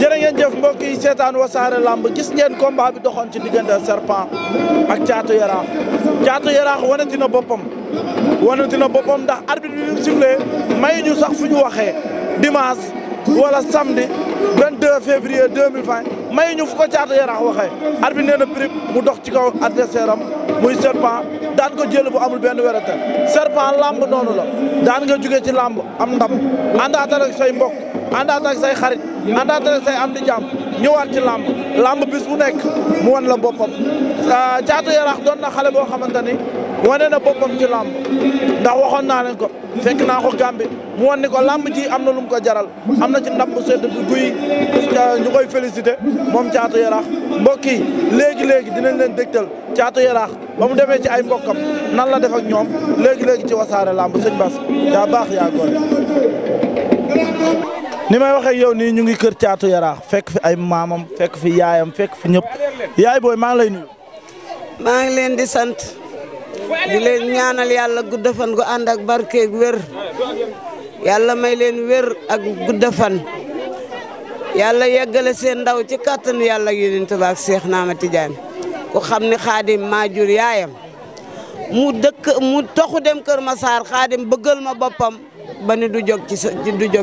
jërë ngeen jëf mbokk yi seetaan wasaare làmb gis ngeen combat bi doxoon ci diggante serpent ak caatu yaraax caatu yaraax wanati na boppam wanati na boppam ndax arbitre bi ñu sifflé may ñu sax fu ñu waxee dimanche wala samedi 22 février 2020 may ñu ko caatu yaraax waxee arbitre nee na prip mu dox ci kaw adversaire am muy serpent daan ko jël bu amul benn werante serpent lamb noonu la daan nga ci lamb am ndam àndaatal ak say mbokk àndaatal ak say xarit àndaatal ak say am di jàmm ñëwaat ci lamb lamb bis bu nekk mu wan la boppam euh, caatu yaraax doon na xale boo xamante ni wane na boppam ci lamb ndax waxoon naa leen ko fekk naa ko Gambie mu wan ni ji am na lu ko jaral am na ci ndam bu sedd bu guy ñu koy félicité moom Caatu Yaraax mbokk yi léegi léegi dinañ leen dégtal Caatu Yaraax ba mu demee ci ay mbokkam nan la def ak ñoom léegi léegi ci wasaare làmb sëñ Bass yaa baax yaa gore ni may waxee yow nii ñu ngi kër Caatu Yaraax fekk fi ay maamam fekk fi yaayam fekk fi ñëpp yaay booy maa ngi lay nuyu. maa ngi leen di sant. di leen ñaanal yàlla gudda fan gu ànd ak barkeeg wér yàlla may leen wér ak gudda yàlla yeggale seen ndaw ci kàttanu yàlla ak Yonent ba ak Seex Naama Tijaan ku xam ne xaadim maa jur yaayam mu dëkk mu toxu dem Kër Masaar xaadim bëggal ma boppam ba ni du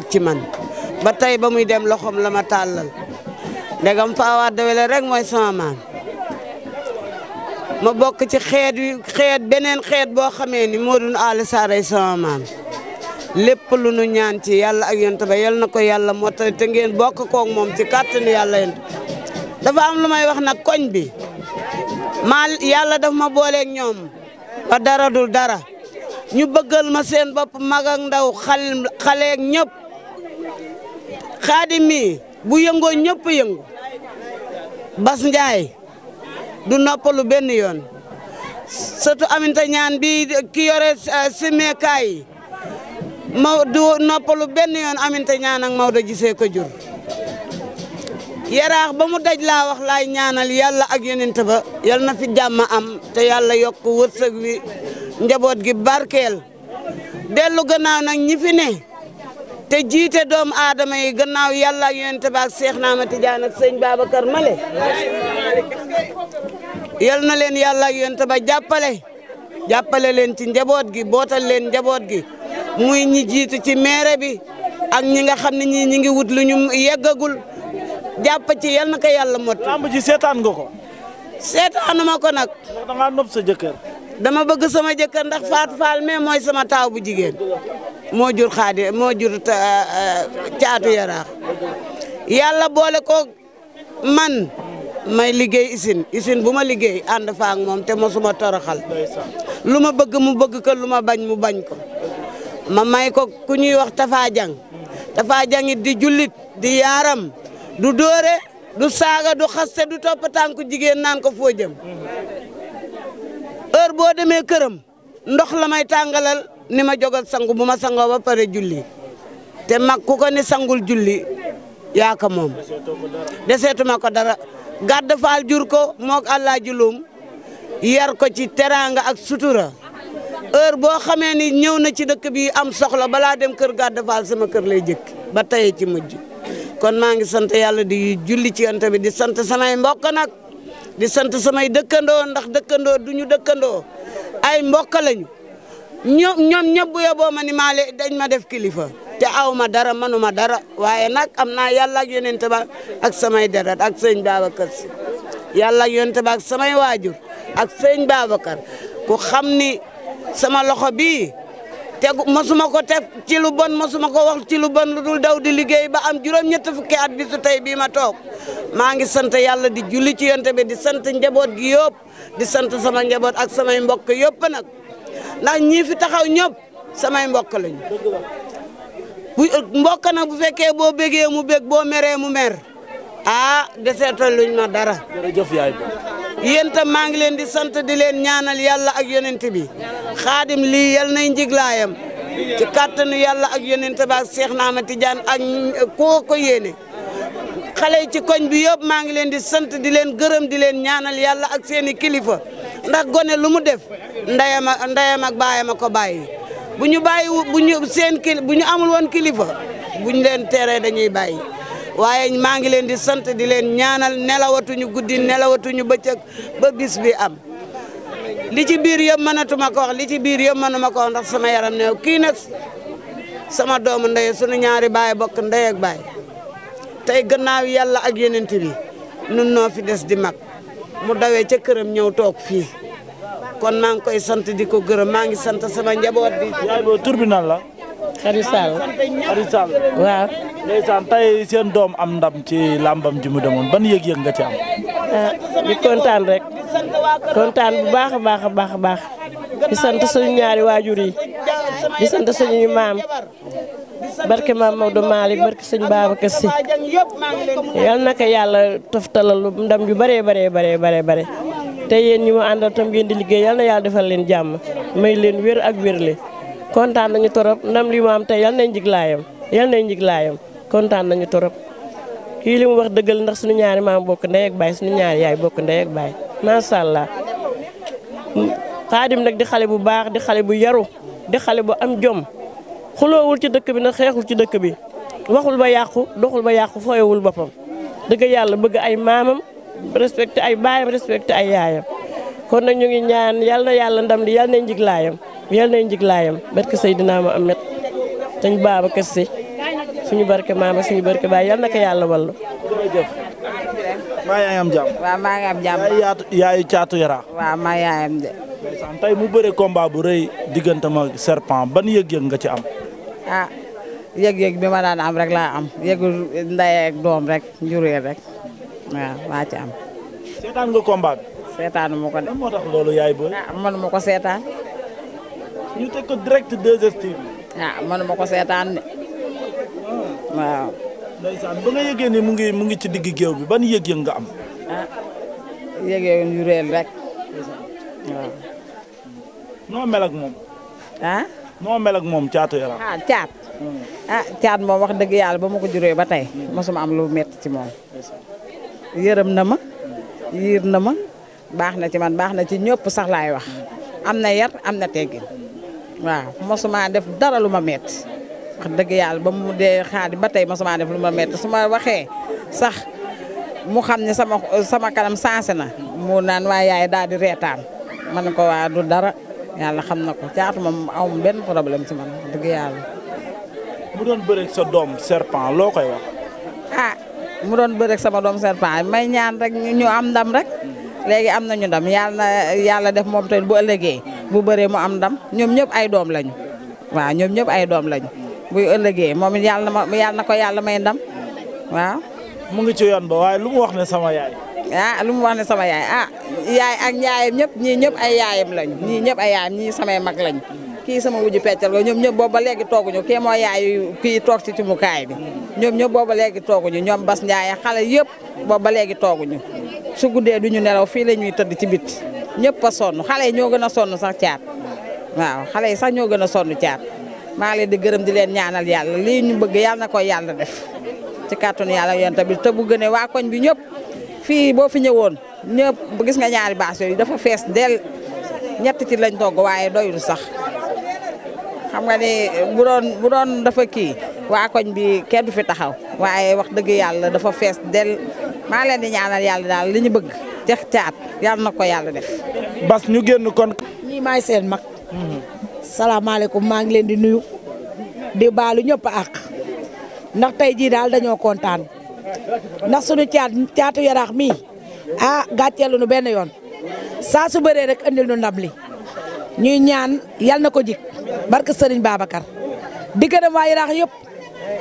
ci man ba tey ba muy dem loxoom la ma tàllal ndegam faawaat dawele rek mooy sama ma bokk ci xeet xeet beneen xeet boo xamee ni moo dun aali saaray sama maam lépp lu nu ñaan ci yàlla ak yent ba yal na ko yàlla moo tax te ngeen bokk koog moom ci kàttanu yàlla yonent dafa am lu may wax nag koñ bi maa yàlla daf ma booleek ñoom ba dara dul dara ñu bëggal ma seen bopp mag ak ndaw xal ñëpp xaadim bu yëngoo ñëpp yëngu Bas Ndiaye du noppalu benn yoon surtout Aminata Niane bi ki yore euh, simeekaay yi ma du noppalu benn yoon Aminata Niane ak Maodo gisee ko jur yaraax ba mu daj laa wax laay ñaanal yàlla ak yonent ba yal na fi jàmm am te yàlla yokk wërsëg wi njaboot gi barkeel dellu gannaaw nag ñi fi ne te jiite doom aadama yi gannaaw yàlla ak yonent ba ak Seex Naama Tijaan ak sëñ Babacar Male yal na leen yàlla ak ba jàppale jàppale leen ci njaboot gi bootal leen njaboot gi muy ñi jiit ci maire bi ak ñi nga xam ne ñii ñi ngi wut lu ñu yeggagul jàpp ci yal na ko yàlla mot. lamb ji seetaan nga ko. seetaanuma ko nag. sa jëkkër. dama bëgg sama jëkkër ndax Fatou Fall mais mooy sama taaw bu jigéen moo jur xaadi moo jur eh, eh, caatu yaraax yàlla boole ko man. may liggéey usine usine bu ma liggéey ànd fa moom te mosuma toroxal lu ma bëgg mu bëgg ko lu ma bañ mu bañ ko ma may ko ku ñuy wax Tafa Jang Tafa Jang di jullit di yaaram du dóore du saaga du xaste du topp tànku jigéen naan ko foo jëm heure boo demee këram ndox la may tàngalal ni ma jogal sangu bu ma sangoo ba pare julli te mag ku ko ni sangul julli yaa moom deseetuma ko dara Gàdd jur ko moo allah julum yar ko ci teraanga ak sutura heure boo xamee ni ñëw na ci dëkk bi am soxla balaa dem kër Gàdd sama kër lay jëkk ba tey ci mujj kon maa ngi sant yàlla di julli ci Yonent bi di sant samay mbokk nag di sant samay dëkkandoo ndax dëkkandoo duñu dëkkandoo ay mbokk lañu. ñoom ñoom ñëpp bu yóbboo ma ni maa leen dañ ma def kilifa te aw ma dara manuma dara waaye nag am naa yàlla ak yonent ba ak samay deret ak sëñ Babacar si yàlla ak yonent ba ak samay waajur ak sëñ Babacar ku xam ni sama loxo bii tegu mosuma ko teg ci lu bon mosuma ko wax ci lu bon lu dul daw di liggéey ba am juróom-ñett fukki at bi su tey bii ma toog maa ngi sant yàlla di julli ci yonent bi di sant njaboot gi yëpp di sant sama njaboot ak samay mbokk yëpp nag. ndax ñii fi taxaw ñëpp samay mbokk lañu bu mbokk na bu fekkee boo bégee mu bég boo meree mu mer ah deseetal luñ ma dara. jërëjëf yaay maa ngi leen di sant di leen ñaanal yàlla ak yonent bi xaadim lii yal nay njiglaayam ci kàttanu yàlla ak yonent ba ak Seex Naama Tijaan ak koo ko xale ci koñ bi yëpp maa ngi leen di sant di leen gërëm di leen ñaanal yàlla ak seeni kilifa ndax gone lu mu def ndeyam ak ndeyam ak baayam a ko bàyyi bu ñu bàyyi bu ñu seen kili bu ñu amul woon kilifa bu ñu leen teree dañuy bàyyi waaye maa ngi leen di sant di leen ñaanal nelawatuñu guddi nelawatuñu bëccëg ba bis bi am li ci biir yëpp mënatuma ko wax li ci biir yëpp mënuma ko wax ndax sama yaram neew kii nag sama doomu ndey sunu ñaari baay bokk ndey ak baay tey gannaaw yàlla ak yenent bi nun noo fi des di mag mu dawee ca këram ñëw toog fii kon maa ngi koy sant di ko gërëm maa ngi sant sama njaboot bi. yaay booy tur bi nan la. Xari Sall. waaw. tey seen doom am ndam ci làmbam ji mu demoon ban yëg-yëg nga ci ah, di kontaan rek kontaan bu baax a baax a baax a baax di sant suñu ñaari waajur yi di sant suñuy maam. barke maam Maodo Malick barke sëñ Babacar Sy yal na ko yàlla toftalal ndam yu bëree baree baree baree bare te yéen ñi mu àndal tam ngeen di liggéey yal na yàlla defal leen jàmm may leen wér ak wér le kontaan nañu torop ndam li mu am tey yal nañ jig laayam yal nañ jig laayam kontaan nañu torop kii li mu wax dëggal ndax suñu ñaari maam bokk ndey ak baay suñu ñaari yaay bokk ndey ak baay macha allah xaadim nag di xale bu baax di xale bu yaru di xale bu am jom xuloowul ci dëkk bi nag xeexul ci dëkk bi waxul ba yàqu doxul ba yàqu fooyewul boppam dëgg yàlla bëgg ay maamam respecté ay baayam respecté ay yaayam kon nag ñu ngi ñaan yal na yàlla ndam li yal nañ njiglaayam yal nañ njiglaayam barke Seydina Muhammad sëñ Babacar Sy suñu barke maama suñu barke baay yal na ko yàlla wallu jërëjëf maa yaay am ngi am jàmm yaay caatu yara waaw maa yaay am de mu bëre combat bu rëy diggante ma serpent ban yëg-yëg nga ci am ah yëg-yëg bi ma daan am rek laa am yëgu ndey doom rek njureel rek waaw laa ci am. seetaan nga combat. seetaan ma ko de. lan moo tax loolu yaay booy. ah mënuma ko seetaan. ñu ko direct 2STV. ah mënuma ko seetaan de waaw. ndeysaan ba nga yëgee ni mu ngi ci digg géew bi ban yëg-yëg nga am. ah yëg-yëg njureel rek waaw. noo mel moom. ah. noo mel ak moom caatu yaram. ah caat. ah caat moom wax dëgg yàlla ba ma ko juree ba tey. mosuma am lu metti ci moom. yërëm na ma. yiir na ma. baax na ci man baax na ci ñëpp sax laay wax. am na yar am na teggin. waaw mosuma def dara lu ma metti wax dëgg yàlla ba mu dee xaadi ba tey mosuma def lu ma metti su ma waxee sax mu xam ne sama sama kanam saase na. mu naan waa yaay daal di reetaan man ko waa du dara. yàlla xam na ko caatu moom amul benn problème ci man dëgg yàlla. mu doon bëreeg sa doom serpent loo koy wax. ah mu doon bëreeg sama doom serpent may ñaan rek ñu am ndam rek léegi am nañu ndam yàlla yàlla def moom tamit bu ëllëgee bu bëree mu am ndam ñoom ñëpp ay doom lañu waaw ñoom ñëpp ay doom lañu buy ëllëgee moom yàlla na ma yàlla ko yàlla may ndam waaw. mu ngi ci yoon ba waaye lu mu wax ne sama yaay. ah lu mu wax ne sama yaay ah yaay ak yaayam ñëpp ñii ñëpp ay yaayam lañ ñii ñëpp ay yaayam ñii samay mag lañ kii sama wujju peccal ko ñoom ñëpp boobu ba léegi tooguñu kii mooy yaayu kii toog ci cimukaay bi ñoom ñëpp boobu ba léegi tooguñu ñoom Bas Ndiaye xale yëpp boobu ba léegi tooguñu su guddee duñu nelaw fii la ñuy tëdd ci bit ñëpp a sonn xale yi ñoo gën a sonn sax caat waaw xale yi sax ñoo gën a sonn caat maa leen di gërëm di leen ñaanal yàlla lii ñu bëgg yàlla na ko yàlla def ci kàttanu yàlla yonent bi te bu gënee waa koñ ñëpp fii boo fi ñëwoon ñëpp bu gis nga ñaari baas yooyu dafa fees del ñetti ci lañ togg waaye doyul sax xam nga ni bu doon dafa kii waa koñ bi kenn du fi taxaw waaye wax dëgg yàlla dafa fees del maa leen di ñaanal yàlla daal li ñu bëgg jeex caat yàlla na ko yàlla def. bas ñu génn kon. ñii maay seen mag. salaamaaleykum maa ngi leen di nuyu. di baalu ñëpp àq. ndax jii daal dañoo kontaan. ndax sunu caat caatu yaraax mii ah gàcceelu nu benn yoon saa su bëree rek andil nu ndam li ñuy ñaan yal na ko jik barke Serigne Babacar di gërëm waa yaraax yëpp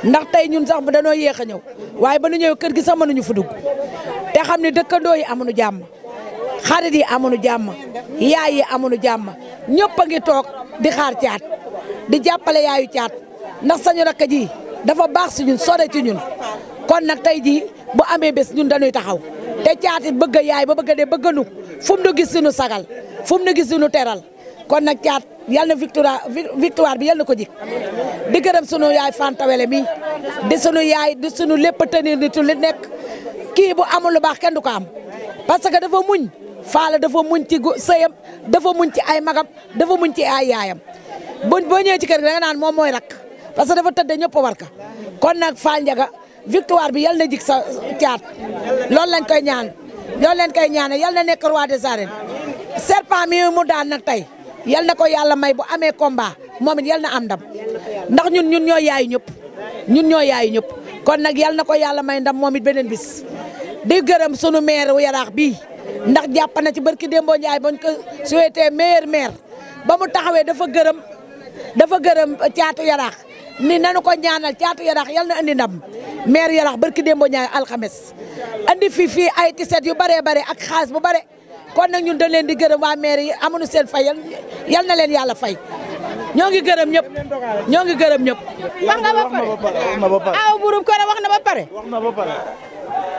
ndax tey ñun sax bu danoo yéex a ñëw waaye ba ñëw kër gi sax ñu fu dugg te xam ni dëkkandoo yi amuñu jàmm xarit yi amuñu jàmm yaay yi amuñu jàmm ñëpp a ngi toog di xaar caat di jàppale yaayu caat ndax sañu rakk ji dafa baax si ñun sore ci ñun kon nag tey jii bu amee bés ñun dañuy taxaw te caati bëgg yaay ba bëgga dee bëgga nu fu mu nu gis suñu sagal fu mu nu gis suñu teral kon nag caat yàlla na victoire victoire bi yàlla na ko jik di gërëm sunu yaay fantawele mi di sunu yaay di sunu lépp tenir nitu li nekk kii bu amul lu baax kenn du ko am parce que dafa muñ faala dafa muñ ci sëyam dafa muñ ci ay magam dafa muñ ci ay yaayam bu boo ñëwee ci kër gi da naan moom mooy rak parce que dafa tëdde ñëpp war ka victoire bi yal na jig sa caat loolu lañ koy ñaan loolu lañ koy ñaan yal na nekk roi des arènes serpent mi mu daan na tey yal na ko yàlla may bu amee combat moom it yal am ndam ndax ñun ñun ñoo yaay ñëpp ñun ñoo yaay ñëpp kon nag yal na ko yàlla may ndam moom it beneen bis di gërëm sunu maire wu yaraax bii ndax jàpp na ci barki Dembo Ndiaye bañ ko souhaité meilleur maire ba mu taxawee dafa gërëm dafa gërëm caatu yaraax ni nanu ko ñaanal caatu yarax yal na andi ndam maire yarax barki démbo ñaay alxames andi fii fii ay tiset yu baree bare ak xaas bu bare kon nag ñun dañ leen di gërëm waa maire yi amuñu seen fay yal leen yàlla fay ñoo ngi gërëm ñëpp ñoo ngi gërëm ñëpp. wax nga na ba pare aw burum ko wax na ba pare. wax na ba pare.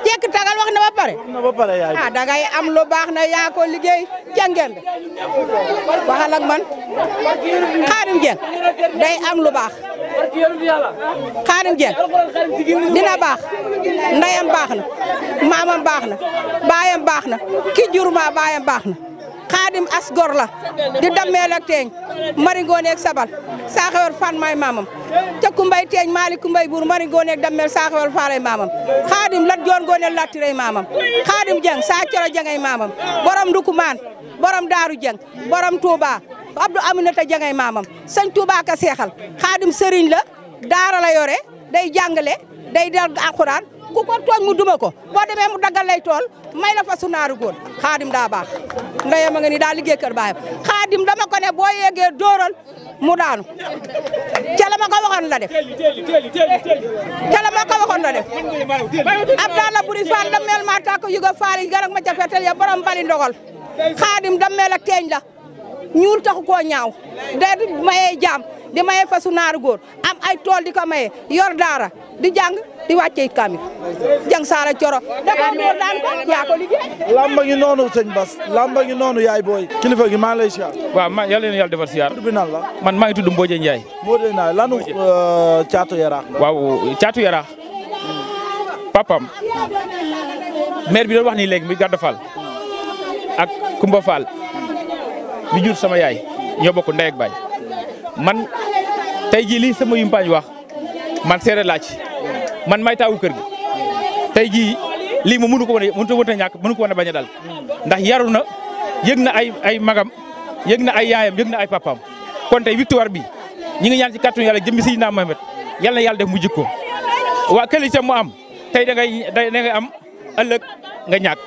jekk tagal wax na ba pare. wax na ba pare ah, am lu baax na yaa ko liggéey jàngeen waxal ak man xaarim jeng day am lu baax. xaarim jeen dina baax ndayam baax na maamam baax na baayam baax na ki juruma baayam baax na xaadim as la di dammeel ak teeñ mari ngooneeg sabal saaxewal fan maay maamam te kumbay teeñ maali kumbay buur mari ngooneeg dammeel saaxewal faalay maamam xaadim lat joon ngooneel maamam xaadim jeng saa coro maamam borom ndukumaan borom daaru jeng borom tuuba Abdou Aminata Jangay maamam sëñ Touba ka seexal xaadim sëriñ la daara la yore day jàngale day dal alxuraan ku ko tooñ mu duma ko boo demee mu daggal tool may la fasu su naaru góor xaadim daa baax ndeyam a nga daa liggéey kër baayam xaadim dama ko ne boo yeggee dóoral mu daanu ca la ma ko waxoon la def ca la ma ko la Buri Fall da mel ma tàkk yuga faal yi garak ma fetel ya borom bali ndogal xaadim da mel ak teeñ la ñuul taxu koo ñaaw di mayee jaam di mayee fasu naaru góor am ay tool di ko mayee yor daara di jàng di wàccee kaamil jàng saara coro dafa door daan ko yaa ko lamba ngi noonu sëñ Bas lamba ngi noonu yaay booy kilifa gi maa lay siyaar waaw ma yàlla na man maa ngi tudd Mbodje Ndiaye Mbodje Ndiaye lanu euh, caatu yaraax waaw caatu yaraax papam maire bi doon wax nii léegi muy Garda ak Kumba bi jur sama yaay ñoo bokk ndey ak baay man tey jii lii sama yumpaañ wax man seere laa man may taawu kër gi tey ji lii mu mënu ko wane mënu ko wane ñàkk mënu ko wane bañ ndax yaru na yëg na ay ay magam yëg na ay yaayam yëg na ay papaam kon tey victoire bi ñi ngi ñaan ci kàttanu jëmbi si naa Mohamed yàlla na yàlla def mu jikko wa këli itam am tey da da ngay am ëllëg nga ñàkk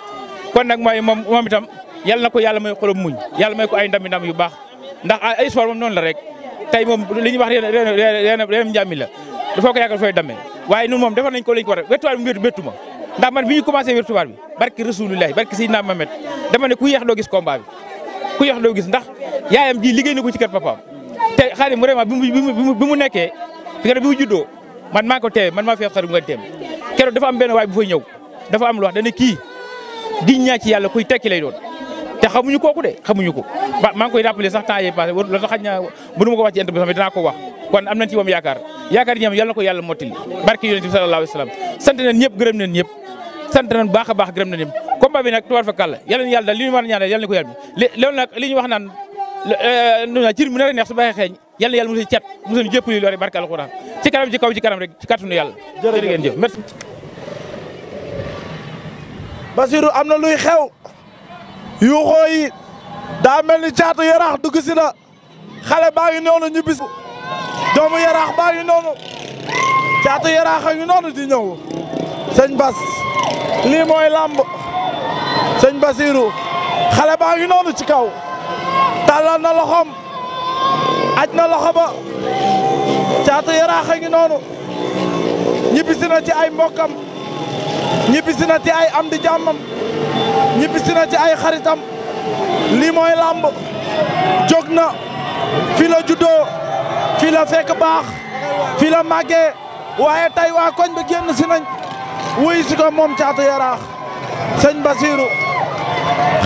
kon nag mooy moom moom yal na ko yàlla may xolam muñ yàlla may ko ay ndam ndam yu baax ndax ay sport moom noonu la rek tey moom li ñuy wax reen reen njàmmi la dafa ko yàggal fooy damee waaye nun moom defar nañ ko lañ ko war a wettuwaar bi wéttu ma ndax man bi ñu commencé wettuwaar bi barki rasulullahi barki Seydina Mamet dama ne ku yeex doo gis combat bi ku yeex doo gis ndax yaayam ji liggéey na ko ci kër papaam te xaarim vraiment bi mu bi mu nekkee bi mu juddoo man maa ko teewee man maa fi xarim nga teem keroog dafa am benn waay bu fay ñëw dafa am lu dana kii giñ ñaa ci yàlla kuy tekki lay doon te xamuñu kooku de xamuñu ko ba maa ngi koy rappelé sax temps yii passé loolu tax xaj na mënu ma ko wax ci interview bi dinaa ko wax kon am nañ ci yaakaar yaakaar yi yal na ko yàlla mottali barke yonent bi sallallahu alayhi wa sallam sant nañ ñëpp gërëm nañ ñëpp sant nañ baax a baax gërëm nañ ñëpp combat bi nag tubaar fa kàll yàlla na yàlla daal li ñu war a ñaanal na ko yàlla li loolu nag wax naan euh, nu na cir mu nar a neex su xeeñ yàlla na yàlla mosi cet yuuxoo yi daa mel ni caatu yaraax dugg na xale baa ngi noonu ñu bis doomu yaraax baa ngi noonu caatu yaraax a ngi noonu di ñëw sëñ Bas lii mooy làmb sëñ Basiru xale baa ngi noonu ci kaw tàllal na loxoom aj na loxo ba caatu yaraax a ngi noonu ñibbisi na ci ay mbokkam ñibbisi na ci ay am di jàmmam ñibbisi na ci ay xaritam lii mooy làmb jóg na fi la juddoo fi la fekk baax fi la waaye tay waa koñ bi génn si nañ wuy si ko moom caatu yaraax sëñ Basiru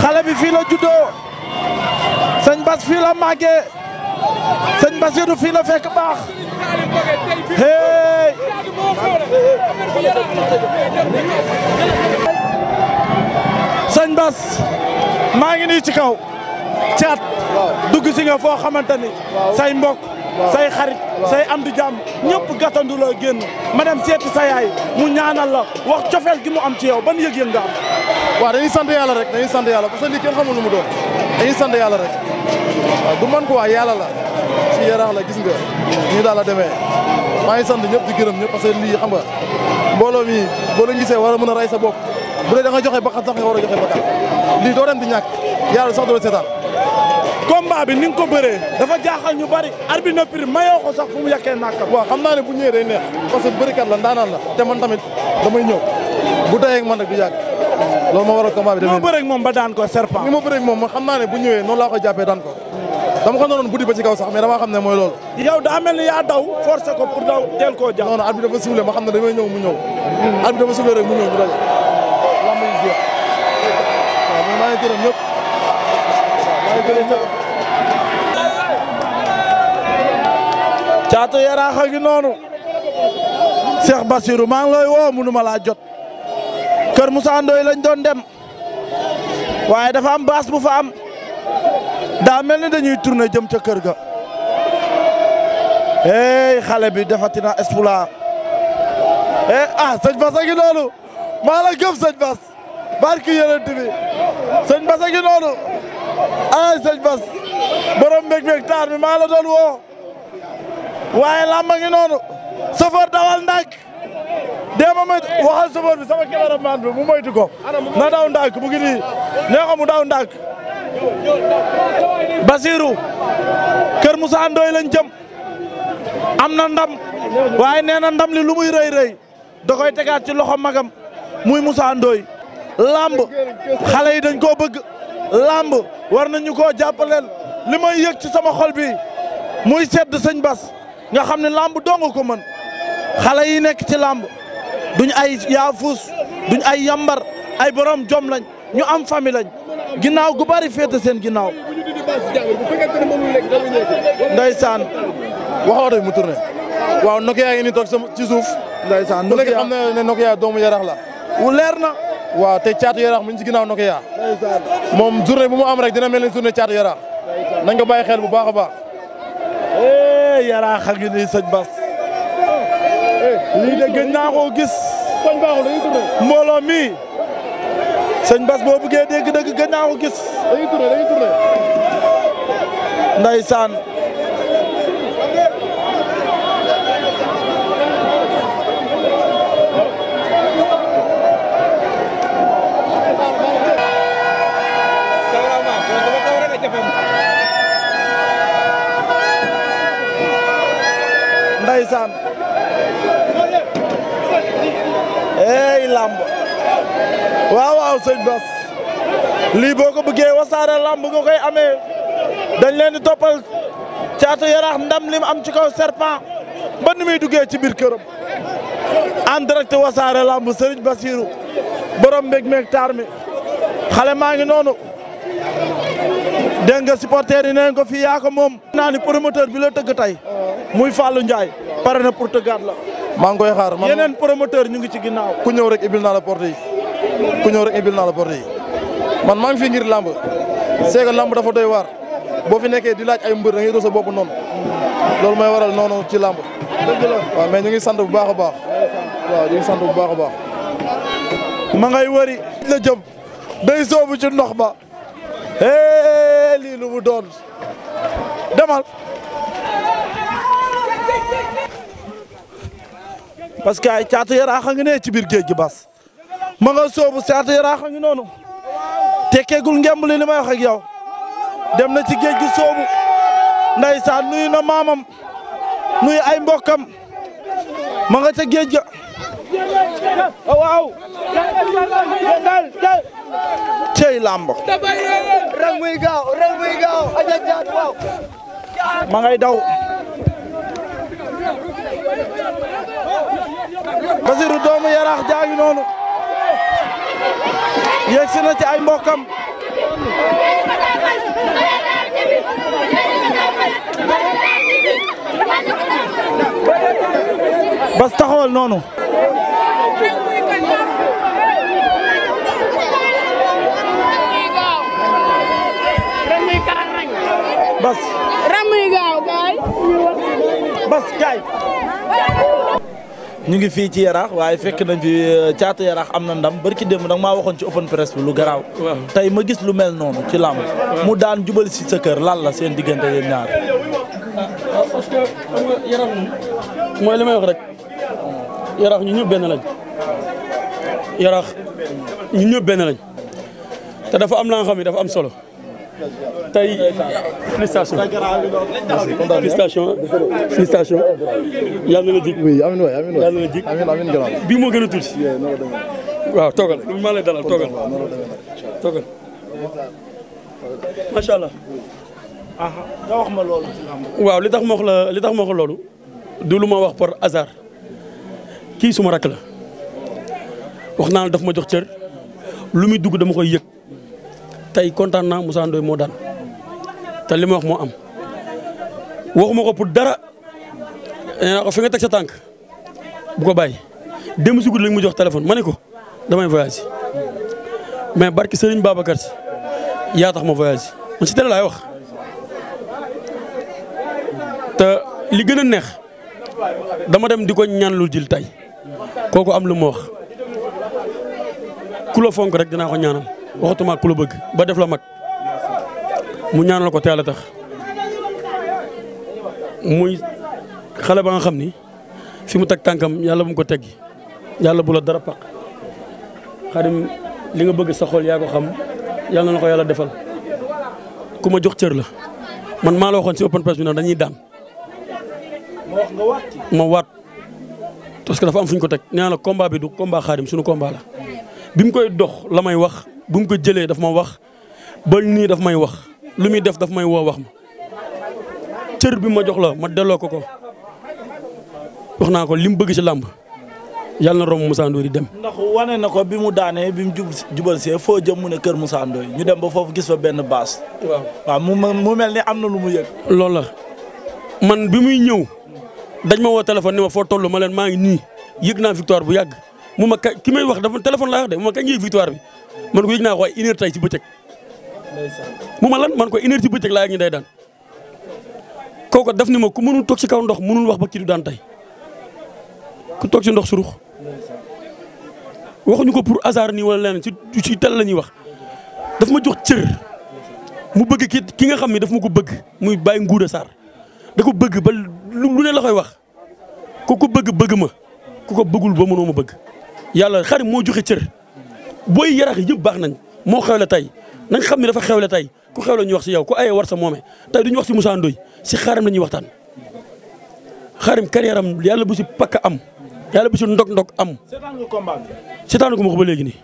xale bi fii la juddoo sëñ Bas fii la màggee sëñ Basiru fii la fekk baax hey sëñ maa ngi nii ci kaw caat dugg si nga foo xamante ni say mbok say xarit say am di jàmm ñëpp gàttandu la génn ma dem sa yaay mu ñaanal la wax cofeel gi mu am ci yow ban yëg-yëg nga am sant yàlla rek dañuy sant yàlla parce que lii kenn xamul nu mu doon dañuy sant yàlla rek waaw du man ko wax yàlla la si yaraax la gis nga ñu daal la demee maa ngi sant ñëpp di gërëm ñëpp parce que lii xam nga mbooloo mi boo la gisee war a mën a rey sa bopp bu dee da joxe ba sax nga war a joxe bakkan lii doo dem di ñàkk yàlla sax du la seetaan combat bi ni nga ko bëree dafa jaaxal ñu bari arbitre na prix mayoo ko sax fu mu yàkkee nàkkam wa xam naa ne bu ñëwee day neex parce que bërikat la ndaanaan la te man tamit damay ñëw bu dayee man rek du yàgg loolu moo waral combat bi demee nii. ni ma bëree moom ba daan ko serpent. ni ma bëree moom xam naa ne bu ñëwee noonu laa koy jàppee daan ko dama ko noonu buddi ba ci kaw xam ne mooy loolu. yow daa mel ni yaa daw forcé ko pour daw teel xam ne damay ñëw mu ñëw arbitre dafa sifflé maa ngi gërëm ñëpp Caatu Yaraax a ngi noonu. Cheikh Basirou maa ngi lay woo mënuma laa jot. Kër Moussa Ndoye lañ doon dem. waaye dafa am baas bu fa am. daa mel ni dañuy tourner jëm ca kër ga. hey xale bi defatina exploit. eh ah sëñ Bas a ngi noonu maa la gëm sëñ Bas barki yonent bi sëñ Bas a ngi noonu ay sëñ Bas borom mbég mbég taar bi maa la doon woo waaye làmb a ngi noonu sofër dawal ndànk déema waxal sofër bi sama cameraman bi mu moytu ko na daw ndànk mu ngi nii mu daw ndànk Basiru Kër Moussa Ndoye lañ jëm am na ndam waaye nee na ndam li lu muy rëy rëy da tegaat ci loxo magam muy Moussa Ndoye lamb xale yi dañ koo bëgg làmb war nañu koo jàppaleel li may yëg ci sama xol bi muy sedd sëñ Bas nga xam ne lamb dong ko mën xale yi nekk ci làmb duñ ay yaafus duñ ay yambar ay borom jom lañ ñu am famille lañ gu bari féete seen ginnaaw. ndeysaan waxoo rek mu tourné. waaw Nokia yaa ngi ni toog ci suuf. ndeysaan Nokia bu nekk doomu yarax la. wu leer na. waaw te caatu yaraax mu ngi ci ginnaaw na ko yaa moom journée bu mu am rek dina mel ni journée caatu yaraax nañ ko bàyyi xel bu baax a baax yaraax a ngi nii sëñ Bas lii de gën naa koo gis mbooloo mi sëñ Bas boo bëggee dégg dëgg gën naa ko gis ndeysaan ndeysaan eey làmb waaw waaw Bas lii boo ko bëggee wasaare làmb nga koy ame dañ leen di toppal caatu yaraax ndam lim am ci kaw serpent ba ni muy duggee ci biir këram en direct wasaare làmb Serigne Bassirou borom mbég meeg taar mi xale maa ngi noonu dégg nga supporter yi neen ko fii yaa ko moom. naa ni promoteur bi la tëgg tey muy Fallou Ndiaye pare na pour tëggaat la. maa ngi koy xaar man yeneen promoteur ñu ngi ci ginnaaw. ku ñëw rek i naa la porte yi ku ñëw rek ibil naa la porte yi man maa ngi fi ngir làmb c'est lamb làmb dafa doy waar boo fi nekkee di laaj ay mbër da ngay doo sa bopp noonu loolu mooy waral noonu ci làmb. dëgg waa waaw mais ñu ngi sant bu baax baax. waaw ñu ngi bu baax a baax. ma ngay wëri la jëm day soobu ci ndox ba. lii lu mu doon demal. parce que ay caatu yaraax a ngi ne ci biir géej gi bas ma nga soobu caatu yaraax a ngi noonu tekkeegul ngemb li li may wax ak dem na ci géej gi soobu ndeysaan nuyu na maamam nuyu ay mbokkam ma nga ca géej waaw dal làmb rang gaaw rang gaaw aja jaat waaw ma ngay daw Basiru doomu Yaraax jaagi noonu yegsi na ci ay mbokkam bas taxawal noonu bas ramuy gaaw bas gaay ñu ngi fii ci yaraax waaye fekk nañ fi euh, caatu yaraax am na ndam barki démb nag ma waxoon ci open press bi lu garaaw tey ma gis lu mel noonu ci làmb mu daan jubal si sa kër lan la seen diggante yéen ñaar ah, mooy li may wax rek yarax ñu ñëpp benn lañ yaraax ñu ñëpp benn lañ te dafa am la nga xam dafa am solo tey félicitation félicitation félicitation yàlla na la jig yàlla na la jig bii a tuuti waaw toogal maa lay dalal toogal toogal macha allah nga wax waaw li tax ma wax li tax ma loolu du lu ma wax par hasard kii suma rakk la wax naa la daf ma jox cër lu muy dugg dama koy yëg tey kontaan naa Moussa moo daan te li ma wax moo am waxuma ko pour dara nee naa ko fi nga teg sa tànk bu ko bàyyi démb si guddi mu jox téléphone ma ne ko damay voyage mais barki Serigne Babacar si yaa tax ma voyage man si télé laay wax te li gën a neex dama dem di ko ñaan lu jil tey kooku am lu ma wax ku la rek dinaa ko ñaanal waxatuma kulo bëgg ba def la mag mu ñaanal ko teel a tax muy xale ba nga xam ni fi mu teg tànkam yàlla bu mu ko teggi yàlla bula dara paq xadim li nga bëgg sa xol yaa ko xam yàlla na ko yàlla defal ku ma jox cër la man maa la waxoon si open press bi nag dañuy daan ma waat parce que dafa am fu ñu ko teg nee na combat bi du combat xaadim suñu combat la bi mu koy dox la may wax bu mu ko jëlee dafa ma wax ba nii daf may wax lu muy def dafa may woo wax ma cër bi ma jox la ma delloo ko ko wax naa ko li mu bëgg si làmb yàlla na romb Moussa Ndoye di dem. ndax wane na ko bi mu daanee bi mu jub jubal see foo jëm ne kër Moussa Ndoye ñu dem ba foofu gis fa benn baas. waaw waaw mu mel ni am na lu mu yëg. loolu la man bi muy ñëw. dañ ma woo téléphone ni ma foo toll ma leen maa ngi nii yëg naa victoire bu yàgg mu ma ka ki may wax dafa téléphone laa wax de mu ma kañ yëg victoire bi man ko yëg naa ko waaye une heure tey bëccëg. mu ma lan man ko une heure ci bëccëg laa yëg ñu day daan kooku daf ni ma ku mënul toog ci kaw ndox mënul wax ba kii du daan tey ku toog ci ndox surux waxuñu ko pour hasard nii wala leneen ci ci tel la ñuy wax daf ma jox cër mu bëgg ki nga xam ne daf ma ko bëgg muy bàyyi nguuda Sarr da ko lu ne la koy wax ku ko bëgg bëgg ma ku ko bëggul boo mënoo ma bëgg yàlla xarit moo joxe cër booy yarax yëpp baax nañ moo xewle tey nañ xam ne dafa xewle tey ku xewle ñuy wax si yow ko ayee war sa moome tey du ñu wax si Moussa Ndoye si xaarim la ñuy waxtaan xaarim kar yaram yàlla bu si pakk am yàlla bu si ndog-ndog am. seetaan nga combat bi. seetaan nga ma ko ba léegi nii.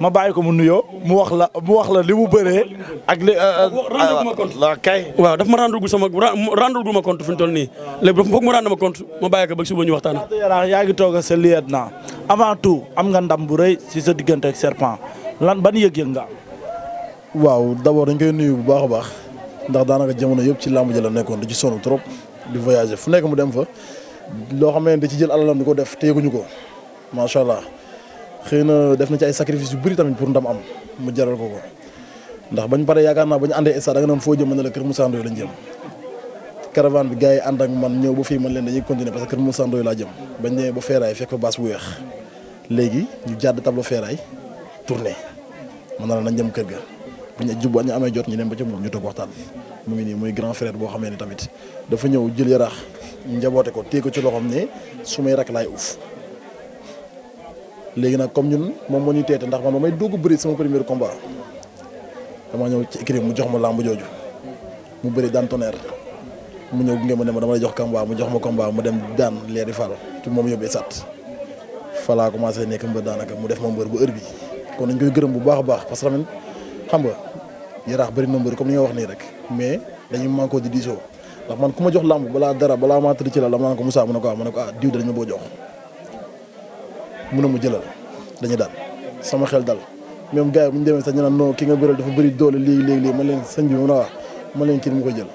ma bàyyi ko mu nuyoo mu wax la mu wax la li mu bëree ak li. Euh, rendre ma compte euh, la kay. waaw daf ma rendre gu sama rendre ma compte fi mu toll nii léegi foog mu rendre ma compte ma bàyyi ko ba suba ñu waxtaan. yaa ngi toog sa liet naa avant tout am nga ndam bu rëy si sa diggante ak serpent lan ban yëg-yëg nga am. waaw d'abord dañ koy nuyu bu baax a baax ndax daanaka jamono yëpp ci làmb ji la nekkoon di ci sonn trop di voyager fu nekk mu dem fa loo xam ne da ci jël alalam di ko def téye ko ko macha allah. xëy na def na ci ay sacrifice yu bëri tamit pour ndam am mu jaral ko ko ndax bañ pare yaakaar naa bañ àndee stade da nga naan foo jëm ne la kër Moussa Ndoye lañ jëm caravane bi gars yi ànd ak man ñëw ba fii man leen dañuy continuer parce que kër Moussa Ndoye laa jëm bañ ñëwee ba Feeraay fekk fa baas bu weex léegi ñu jàdd tableau Feeraay tourné mën na la nañ jëm kër ga bu ñu jub ñu amee jot ñu dem ba ca moom ñu toog waxtaan mu ngi nii muy grand frère boo xamee ne tamit dafa ñëw jël yaraax njaboote ko téye ko ci loxoom ne su may rak laay uuf léegi nag comme ñun moom moo ñuy teete ndax man ba may dugg bëri sama premier combat dama ñëw ci écurie mu jox ma làmb jooju mu bëri daan tonnerre mu ñëw gunge ma ne ma dama jox combat mu jox ma combat mu dem daan leeri fal ci moom yóbbee sat falaa commencé nekk mbër daanaka mu def ma mbër bu heure bi kon dañ koy gërëm bu baax baax parce que tamit nga yaraax bëri na mbër comme ni wax nii rek mais dañu manko di diisoo ndax man ku ma jox làmb balaa dara balaa la dama naan ko ne ko ah ma ne ko ah diw dañ ma boo jox mun a mu jëlal dañu daal sama xel dal même gars yi bu ñu demee sax ñu naan ki nga bëral dafa bëri doole léegi léegi léegi ma leen sëñ bi mun na wax ma leen kii mu ko jël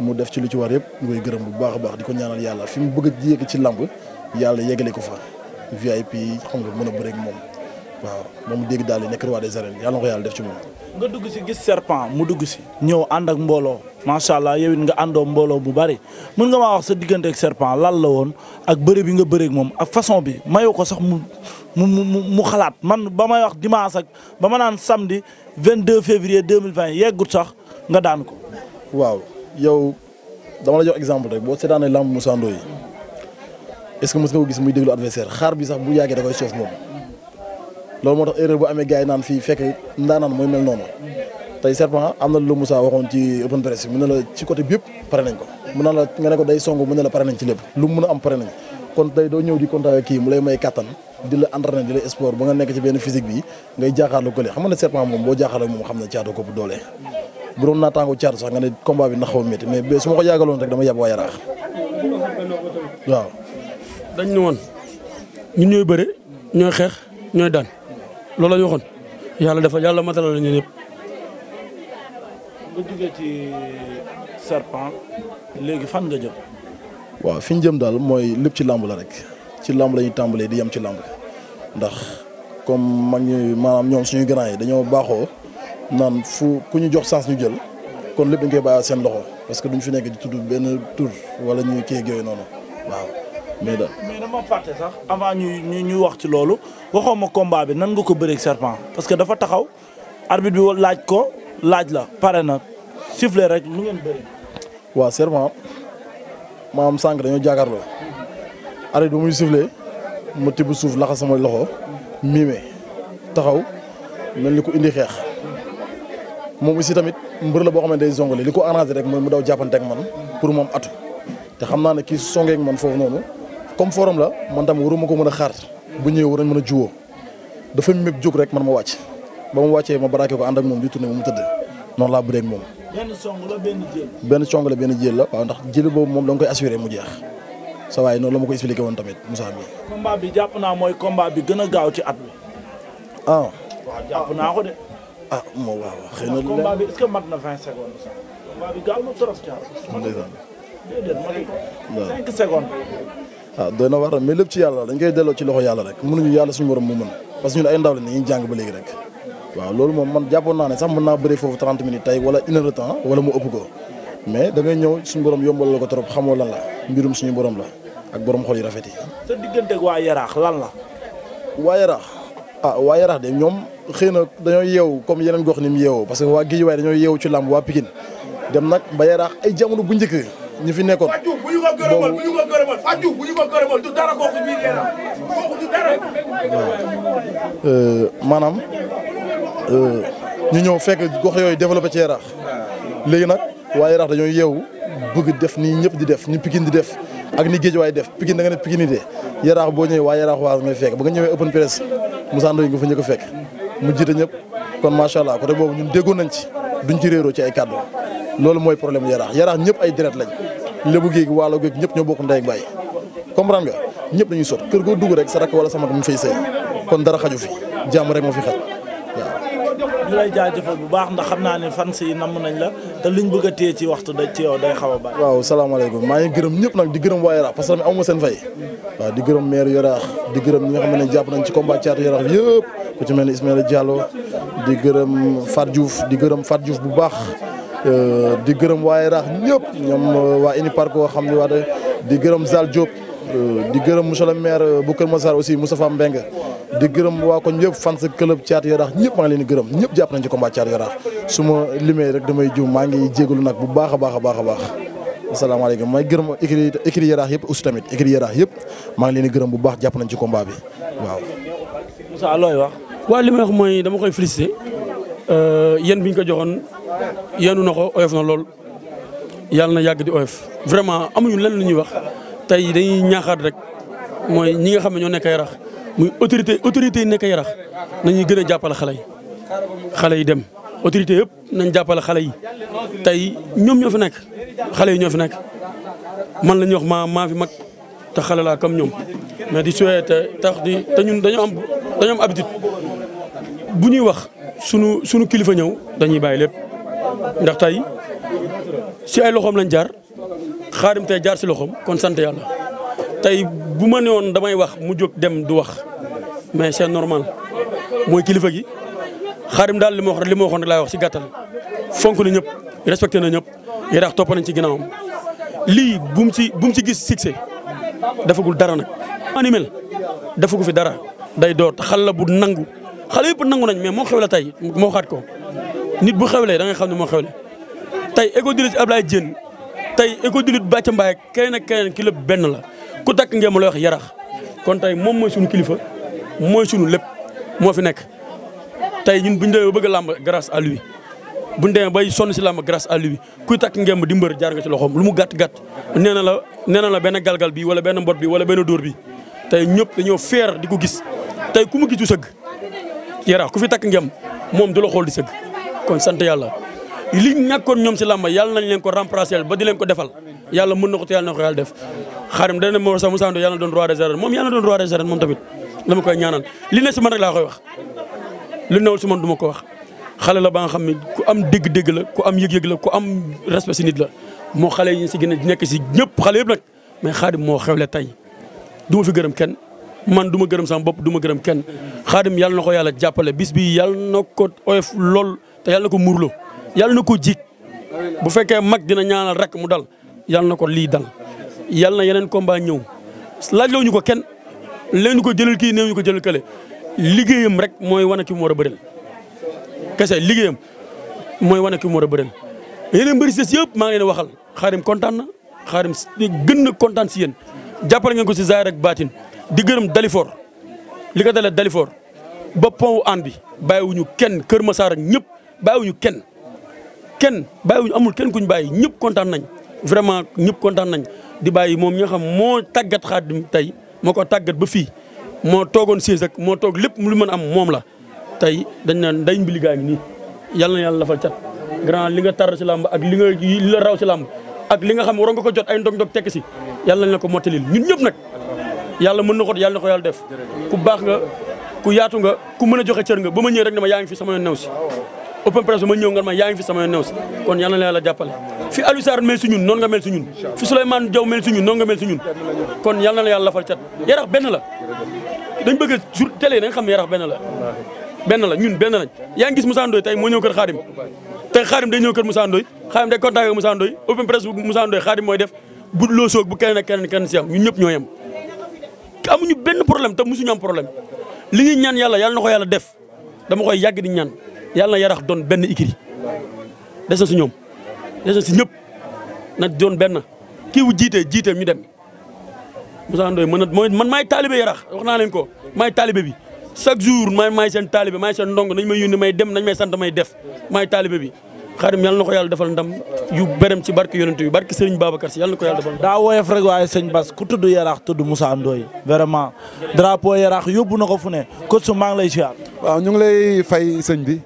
mu def ci lu ci war yëpp ñu koy gërëm bu baax a baax di ko ñaanal yàlla fi mu bëgg a yéeg ci làmb yàlla yegale ko fa VIP xam nga mën a bëreeg moom waaw moom dégg daal di nekk roi des arènes yàlla na ko yàlla def ci moom. nga dugg si gis serpent mu dugg si. ñëw ànd ak mbooloo macha allah yow it nga àndoo mbooloo bu bari mën nga maa wax sa diggante ak serpent lan la woon ak bëre bi nga bëreeg moom ak façon bi mayoo ko sax mu mu mu mu xalaat man ba may wax dimanche ak ba ma naan samedi 22 février 2020 yeggut sax nga daan ko. waaw yow dama la jox exemple rek boo seetaanee lamb Moussa Ndoye est-ce que mos nga ko gis muy déglu adversaire xaar bi sax bu yàggee da koy soof moom loolu moo tax erreur bu amee gars yi naan fii fekk ndaanaan mooy mel noonu. tey serpent am na lu Moussa waxoon ci open press mu ne la ci côté bi yëpp pare nañ ko mu ne la nga ne ko day song mu ne la pare nañ ci lépp lu mu mën a am pare nañ kon tey doo ñëw di kontaan kii mu lay may kattan di la entraîné di la sport ba nga nekk ci benn physique bi ngay jaaxaarlu ko le xam ne serpent moom boo jaaxaarlu moom xam ne caatu ko doole bu doon naataango caatu sax nga ne combat bi naxaw métti mais su ma ko yaagaloon la ñu waxoon yàlla dafa yàlla nga jógee ci serpent léegi fan nga jëm. waaw fi ñu jëm daal mooy lépp ci làmb la rek ci làmb lañuy ñuy tàmbalee di yem ci làmb ndax comme mag ñu maanaam ñoom suñu grand yi dañoo baaxoo naan fu ku ñu jox chance ñu jël kon lépp dañ koy bàyyi seen loxo parce que duñ fi nekk di tudd benn tur wala ñuy kii ak noonu waaw. mais da mais dama fàtte sax avant ñuy ñuy wax ci loolu waxoo ma combat bi nan nga ko bëreeg serpent parce que dafa taxaw arbitre bi laaj ko. laaj la pare na sifflé rek lu ngeen bëri. waaw serment maam sànq dañoo jàkkaarloo. arrêté ba muy sifflé ma tibb suuf laxa sama loxo. miime taxaw mel ni ku indi xeex. moom aussi tamit mbër la boo xam ne day zongale li ko arrangé rek mooy mu daw jàppante ak man pour moom atu. te xam naa ne kii songeek man foofu noonu comme forum la man tam waruma ko mën a xaar bu ñëwee war nañ mën a juwoo dafa méb jóg rek man ma wàcc. ba mu wàccee ma baraake ko ànd ak moom di tourné ba mu tëdd noonu laa bëree ak moom. benn song benn jéel. la benn jéel la waaw ndax jéel boobu moom da nga koy assuré mu jeex sa waay la ma ko expliqué woon tamit Moussa jàpp naa mooy combat bi gën a gaaw ci at bi. Ah. waaw jàpp naa ko de. ah xëy na. combat bi na 20 secondes sax. combat bi gaaw na trop jaar. déedéet ma ne 5 secondes. Ah, waaw lépp ci yàlla dañ koy delloo ci loxo yàlla rek mënuñu yàlla suñu borom mu mën parce que ñun ay ndaw la ñuy jàng ba léegi rek waaw loolu moom man jàppoon naa ne sax mën naa bëri foofu 30 minutes tey wala une heure temps wala mu ëpp ko mais da ngay ñëw suñu borom yombal la ko trop xamoo lan la mbirum suñu borom la ak borom xol yu rafet yi. sa diggante ak waa Yaraax lan la. waa Yaraax ah waa Yaraax de ñoom xëy na dañoo yeewu comme yeneen gox ni mu yeewoo parce que waa Guédiawaye dañoo yeewu ci làmb waa Pikine dem nag ba Yaraax ay jamono bu njëkk ñu fi nekkoon. boobu Euh, ñu ñëw fekk gox yooyu développé ci yaraax léegi nag waa yaraax dañoo yeewu bëgg def nii ñëpp di def ni Pikine di def ak ni géej waay def Pikine da nga ne Pikine de yaraax boo ñëwee waa yaraax waa ngay fekk ba nga ñëwee open press Moussa Ndoye nga fa njëkk fekk mu jiite ñëpp kon macha allah côté boobu ñu déggoon nañ ci duñ ci réeroo ci ay kàddu loolu mooy problème yaraax yaraax ñëpp ay deret lañ lébu géeg waalo géeg ñëpp ñoo bokk ndey ak bàyyi comprendre nga ñëpp dañuy sot kër dugg rek sa wala sa mag mu fay kon dara xaju fi jàmm rek moo fi xaj ñu lay jaajëfal bu baax ndax xam naa ne fans yi namm nañ la te liñ bëgg a téye ci waxtu da ci yow day xaw a baax. waaw salaamaaleykum maa ngi gërëm ñëpp nag di gërëm waa Yaraax parce que amuma seen fay waaw di gërëm maire Yaraax di gërëm ñi nga xam ne jàpp nañ ci combat caatu Yaraax yëpp ku ci mel ni Ismaïla Diallo di gërëm Fat juuf di gërëm Fat juuf bu baax euh, di gërëm waa rax ñëpp ñoom euh, waa Uniparco xam ne waa di gërëm saal Diop Euh, di gërëm monsieur le maire euh, bu Kër Massar aussi Moustapha Mbengue di gërëm waa koñ yëpp sa club Thiatou Yarakh ñëpp maa a a a baax asalaamaaleykum may yëpp aussi tamit écurie Yarakh yëpp maa ngi leen gërëm bu baax jàpp nañ ci combat bi waaw. Moussa looy wax. waaw li may wax mooy dama koy féliciter euh, yéen bi ñu ko joxoon yéenu na ko oyof na lool yàlla na yàgg di oyof vraiment amuñu lenn lu ñuy wax tey dañuy ñaaxaat rek mooy ñi nga xam ne ñoo nekk Yarax muy autorité autorité yi nekk Yarax nañuy gën a jàppale xale yi xale yi dem autorité yëpp nañ jàppale xale yi tey ñoom ñoo fi nekk xale yi ñoo fi nekk man la wax maa maa fi mag te xalalaa laa comme ñoom mais di souhaité tax di te ñun dañoo am dañoo am habitude bu ñuy wax sunu sunu kilifa ñëw dañuy bàyyi lépp ndax tey si ay loxoom lañ jaar xaadim tey jaar si loxoom kon sant yàlla tey bu ma newoon damay wax mu jóg dem du wax mais c'est normal mooy kilifa gi xaadim daal li ma wax li ma waxoon laay wax si gàttal fonk na ñëpp respecté na ñëpp yaraax topp nañ ci ginnaawam lii bum mu ci bu ci gis succès defagul dara nag. animel dafagu fi dara day door xal la bu nangu xale yëpp nangu nañ mais moo xewle tey moo xaat ko nit bu xewlee da xam ne moo xewle tey école de Ablaye Dieng tey école de lutte Bathia Mbaye keneen ak keneen ki lépp benn la ku takk ngeen ma lay wax yarax kon tey moom mooy suñu kilifa mooy sunu lépp moo fi nekk. tey ñun bu ñu ba bëgg làmb grâce à lui bu demee bay sonn si làmb grâce à kuy takk ngemb di mbër jaar nga ci loxoom lu mu gàtt gàtt nee na la nee na benn galgal bi wala benn mbot bi wala benn dóor bi tey ñëpp dañoo fier di ko gis tey ku mu gisu sëgg yarax ku fi takk ngemb moom du la di sëgg kon sant yàlla liñ ñàkkoon ñoom si làmba yàlla nañ leen ko remplacer ba leen ko defal yàlla mën na ko te yàlla na ko yàlla def xaarim dana moo sax Moussa Ndoye yàlla na doon roi des arènes moom yàlla na doon roi des arènes moom tamit dama koy ñaanal li ne si man rek laa koy wax li newul si man du ma ko wax xale la ba nga xam ne ku am dégg-dégg la ko am yëg-yëg la ko am respect si nit la moo xale yi si ginna a nekk si ñëpp xale yëpp nag mais xaadim moo xewle tey du ma fi gërëm kenn man du ma gërëm sama bopp du gërëm kenn xaadim yàlla na yàlla jàppale bis bi yàlla na ko oyof lool te yàlla ko muurloo yàlla na ko jig bu fekkee mag dina ñaanal rek mu dal yàlla na ko lii dal yàlla na yeneen combat ñëw laajloo ñu ko kenn leen ko jëlal kii néew ñu ko jëlal kële liggéeyam rek mooy wane ki mu war a bëreel kese liggéeyam mooy wane ki mu war a bëreel yeneen mbëri si yëpp maa ngi leen waxal xaarim kontaan na xaarim gën na kontaan si yéen jàppale ngeen ko si zaahir ak baatin di gërëm Dalifor li ko dalee Dalifor ba pont ànd bi bàyyiwuñu kenn Kër Masaar ak ñëpp bàyyiwuñu kenn. kenn bàyyiwuñu amul kenn kuñ bàyyi ñëpp kontaan nañ vraiment ñëpp kontaan nañ di bàyyi moom ñi nga xam moo tàggat Xaadim tey moo ko tàggat ba fii moo toogoon siis moo toog lépp lu mën am moom la tey dañ naan nday mbili gaa ngi nii yàlla na yàlla dafal cat grand li nga tar si làmb ak li nga li la raw ci ak li nga xam waroon nga ko jot ay ndog-ndog tekk si yàlla nañ la ko mottalil ñun ñëpp nag yalla mën na ko yàlla na ko yàlla def ku baax nga ku yaatu nga ku mën a joxe cër nga ba ma ñëw rek ne ma yaa sama yoon new open presse ma ñëw nga ma yaa ngi fi sama néew si kon yal na la yàlla jàppale fi Aliou Sarr mel si ñun la dañ bëgg jour télé da xam ne yarax benn la benn la ñun benn lañ yaa ngi gis Moussa tey moo ñëw kër Xaadim tey Xaadim day ñëw kër Moussa Ndoye Xaadim day contact ak Moussa Ndoye open presse bu Moussa Ndoye Xaadim mooy def bu loo soog bu keneen ak keneen keneen si am ñun ñëpp ñoo yem amuñu benn problème te musuñu am problème li ñuy ñaan yàlla yàlla na ko yàlla def dama koy yàgg di ñaan yàlla na yarax doon benn ikiri des na si ñoom des si ñëpp na doon benn kii wu jiite jiite ñu dem Moussa Ndoye mën na mooy man maay taalibe yarax wax naa leen ko maay taalibe bi chaque jour maay maay seen taalibe maay seen ndong nañ may yónni may dem nañ may sant may def maay taalibe bi xaarim yàlla na ko yàlla defal ndam yu berem ci barke yonent bi barke Serigne Babacar si yàlla na ko yàlla defal daa woyof rek waaye sëñ Bas ku tudd yaraax tudd Moussa Ndoye vraiment drapeau yaraax yóbbu na ko fu ne coach su lay siyaar waaw ñu ngi fay sëñ bi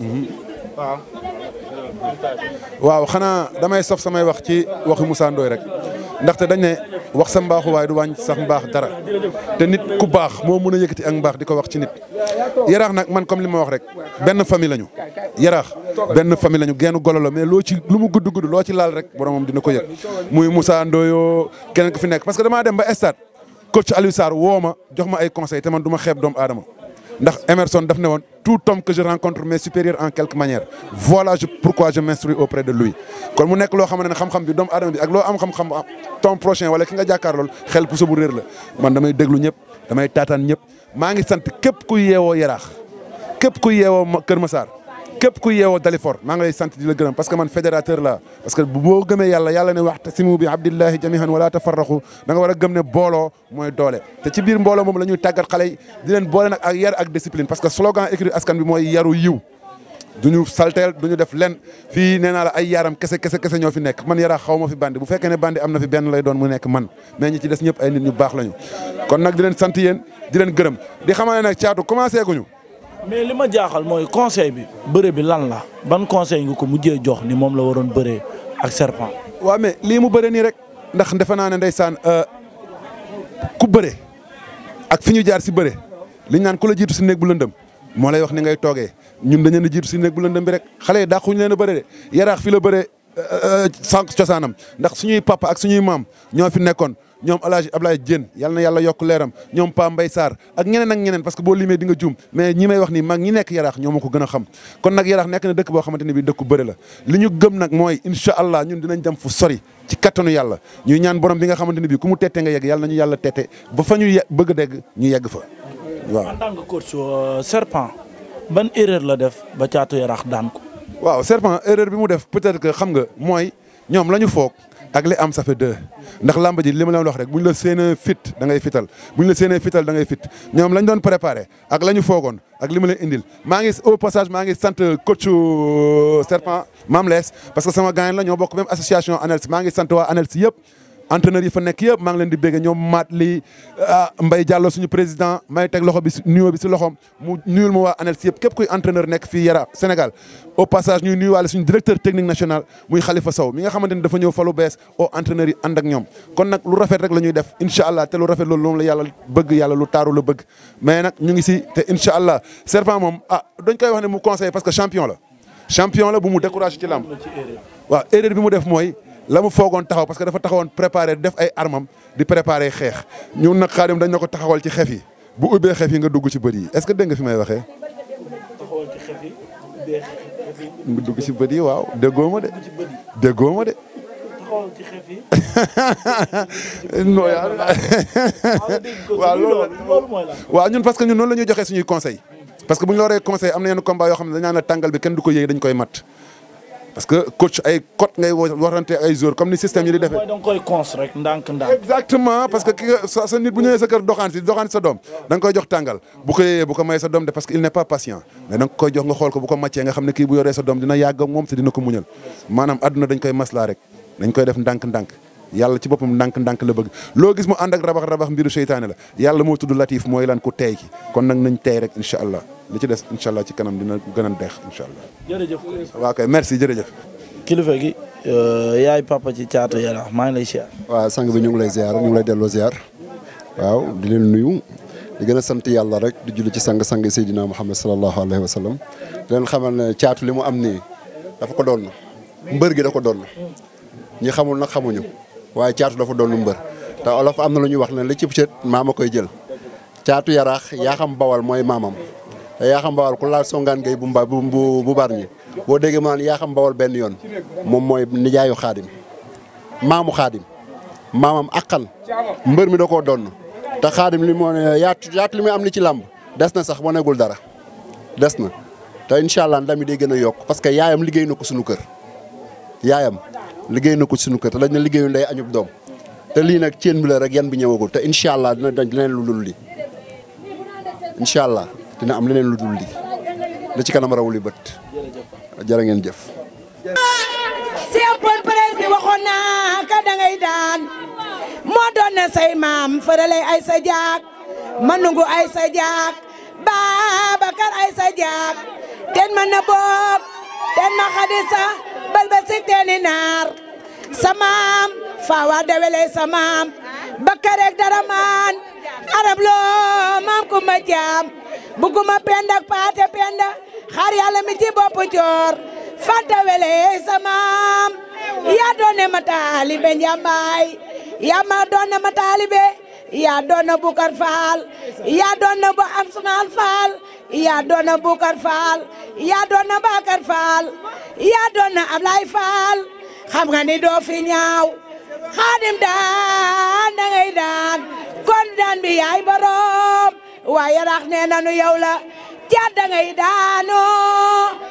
waaw. waaw xanaa damay sof samay wax ci waxi musaa ndooy rek ndaxte dañ ne wax sa mbaaxu waaye du wàññi sax mbaax dara te nit ku baax moo mun a yëkkati ak mbaax di ko wax ci nit. yaraax nag man comme li ma wax rek benn famille lañu yaraax benn famille lañu genn golo la mais loo ci lu mu gudd gudd loo ci laal rek boromam dina ko yëg muy Moussa Ndoye keneen ko fi nekk parce que damaa dem ba stade coach Aliou Sarr woo ma jox ma ay conseil te man du ma xeeb doomu aadama. ndax Emerson daf ne woon tout tom que je rencontre m'est supérieur en quelque manière voilà je pourquoi je m'instruis auprès de lui kon mu nekk loo xam ne xam-xam bi doomu aadama bi ak loo am xam-xam ton prochain wala ki nga jàkkaar lool xel puso bu réer la man damay déglu ñëpp damay taataan ñëpp maa ngi sant képp ku yeewoo yaraax képp ku yeewoo Kër Massar képp ku yeewoo Dalifort maa ngi lay sant di la gërëm parce que man fédérateur la parce que boo gëmee yàlla yàlla ne waxtasimu bi abdillahi jamihan wala tafarraqu da war a gëm ne booloo mooy doole te ci biir moom la ñuy tàggat xale yi di leen boole nag ak yar ak discipline parce que slogan écrit askan bi mooy yaru yiw duñu salteel duñu def len fii nee naa la ay yaaram kese kese kese ñoo fi nekk man yara xaw ma fi bandi bu fekkee ne bandi am na fi benn lay doon mu nekk man mais ñi ci des ñëpp ay nit ñu baax lañu kon nag leen sant yéen di leen gërëm di xamal ne nag caatu commencé guñu mais li ma jaaxal mooy conseil bi bëre bi lan la ban conseil nga ko mujjee jox ni moom la waroon bëree ak serpent. waaw mais lii mu bëre nii rek ndax defe naa ne ndeysaan euh, ku bëre ak fi ñu jaar si bëre liñ naan ku la jiitu si néeg bu lëndëm moo lay wax ni ngay toogee ñun dañu leen di jiitu si néeg bu lëndëm bi rek xale yi dàquñu leen a bëre de yaraax fi la bëre euh, euh, sànq cosaanam ndax suñuy papa ak suñuy maam ñoo fi nekkoon. ñoom alaaji Ablaye Dieng yal na yàlla yokk leeram ñoom Pa Mbay saar ak ñeneen ak ñeneen parce que boo limee di nga juum mais ñi may wax nii mag ñi nekk yaraax ñoo ma ko gën a xam kon nag yaraax nekk na dëkk boo xamante ne bii dëkku bëri la li ñu gëm nag mooy incha ñun dinañ dem fu sori ci kattanu yàlla ñuy ñaan borom bi nga xamante ne bii ku mu tette nga yegg yàlla nañu yàlla tette ba fa ñu bëgg dégg ñu yegg fa waaw. en tant que coach euh, Serpent ban erreur la def ba caatu yaraax daan waaw Serpent erreur bi mu def peut-être que xam nga mooy ñoom la ñu foog ak li am ça deux ndax làmb ji li ma leen wax rek bu ñu la séenee fit da ngay fital bu ñu la séenee fital da ngay fit ñoom lañ doon préparé ak la ñu foogoon ak li ma leen indil maa ngi au passage maa ngi sant coach euh, serpent Mame Less parce que sama gaañ la ñoo bokk même association ANELS maa ngi sant waa ANELS yëpp. entraîneur yi fa nekk yëpp maa ngi leen di bégge ñoom maat lii ah, Mbaye Diallo suñu président may teg loxo bi nuyoo bi si loxoom mu nuyul waa ANELS yëpp képp kuy entraîneur nekk fii Yara Sénégal au passage ñuy nuyuwaale suñu directeur technique national muy Khalifa saw mi nga xamante ni dafa ñëw falu bees au entraîneur yi ànd ak ñoom kon nag lu rafet rek la ñuy def incha allah te lu rafet loolu moom yàlla bëgg yàlla lu taaru la bëgg mais nag ñu ngi si te incha allah serpent moom ah dañ koy wax mu conseillé parce que champion la champion la bu mu découragé ci làmb waaw erreur bi mu def mooy la mu foogoon taxaw parce que dafa taxawoon préparé def ay armam di préparé xeex ñun nag xaadim dañ na ko taxawal ci xef yi bu ubbee xef yi nga dugg ci bët yi est ce que dégg nga fi bët yi waaw déggoo ma de. déggoo ma de. taxawal ci xef yi. Ah, waaw loolu waaw ñun parce que ñun noonu la ñuy joxee suñuy conseil parce que bu ñu la conseil am na yenn combat xam ne dañu naan tàngal bi kenn du ko yëy dañ koy mat parce que coach ay cote ngay warante ay joueurs comme ni système yi di defee. mooy da nga koy cons rek ndànk ndànk exactement parce que ki nga sa sa nit bu ñëwee sa kër doxaan si doxaan si sa doom da koy jox tàngal bu ko yeyee bu ko may sa doom de parce que il n'est pas patient mais da koy jox nga xool ko bu ko màccee nga xam ne kii bu yoree sa doom dina yàgg ak moom te dina ko muñal maanaam àdduna dañ koy maslaa rek dañ koy def ndànk-ndànk yàlla ci boppam ndànk-ndànk la bëgg loo gis mu ànd ak rabax mbiru seytaane la yàlla moo tudd latif mooy lan ku teey ki kon nag nañ teey li ci des incha allah ci kanam dina gën a deex incha allah. jërëjëf. waaw merci jërëjëf. kilifa gi. Euh, yaay papa ci caatu Yaraax maa ngi lay ziar. bi ñu ngi lay ziar lay delloo ziar. waaw di leen nuyu. di gën a sant yàlla rek di julli ci sang sang Seydina Muhammad sallallahu alayhi wa sallam di leen xamal ne caatu li mu am nii dafa ko doon mbër gi da ko doon ñi xamul nag xamuñu waaye caatu dafa doon mbër te olof am na lu ñuy wax ne li ci cët maama koy jël caatu yaraax yaa xam bawal mooy maamam. Yakham Bawol ku laal songaan gay bu mba bu boo déggee ma naan Yakham Bawol benn yoon moom mooy nijaayu xaadim maamu xaadim maamam akkan mbër mi da ko donn te xaadim li moo ne yaatu yaatu li muy am li ci làmb des na sax wanegul dara des na te incha allah ndam mi day gën a yokk parce que yaayam liggéey na ko suñu kër yaayam liggéey na ko suñu kër te dañ na liggéeyu ndey añub doom te lii nag ceen bi la rek yan bi ñëwagul te incha allah dina dinañ lu dul dina am leneen lu dul lii la ci kanam rawuli bët jërë ngeen jëf. si ëppoon presse bi waxoon naa ka da daan moo doon na say maam fërale ay sa jaak manungu ay sa jaak Babacar ay sa jaak ten ma na boob ten ma xadisa bal ba si teeni naar sa maam faawa dewele sa maam bakkareeg dara maan arab loo maam ku ma jaam bugguma penda paate penda xaar yàlla mi coor fanta wele samaam yaa doone yaa doone ma taalibe yaa doona bukar faal yaa doona bu faal yaa doona bukar faal yaa doona bakar faal yaa doona ablay faal xam nga ni doo ñaaw xaadim daan da daan kon daan bi yaay borom waa yaraax nee nanu yow la jaat da ngay daanoo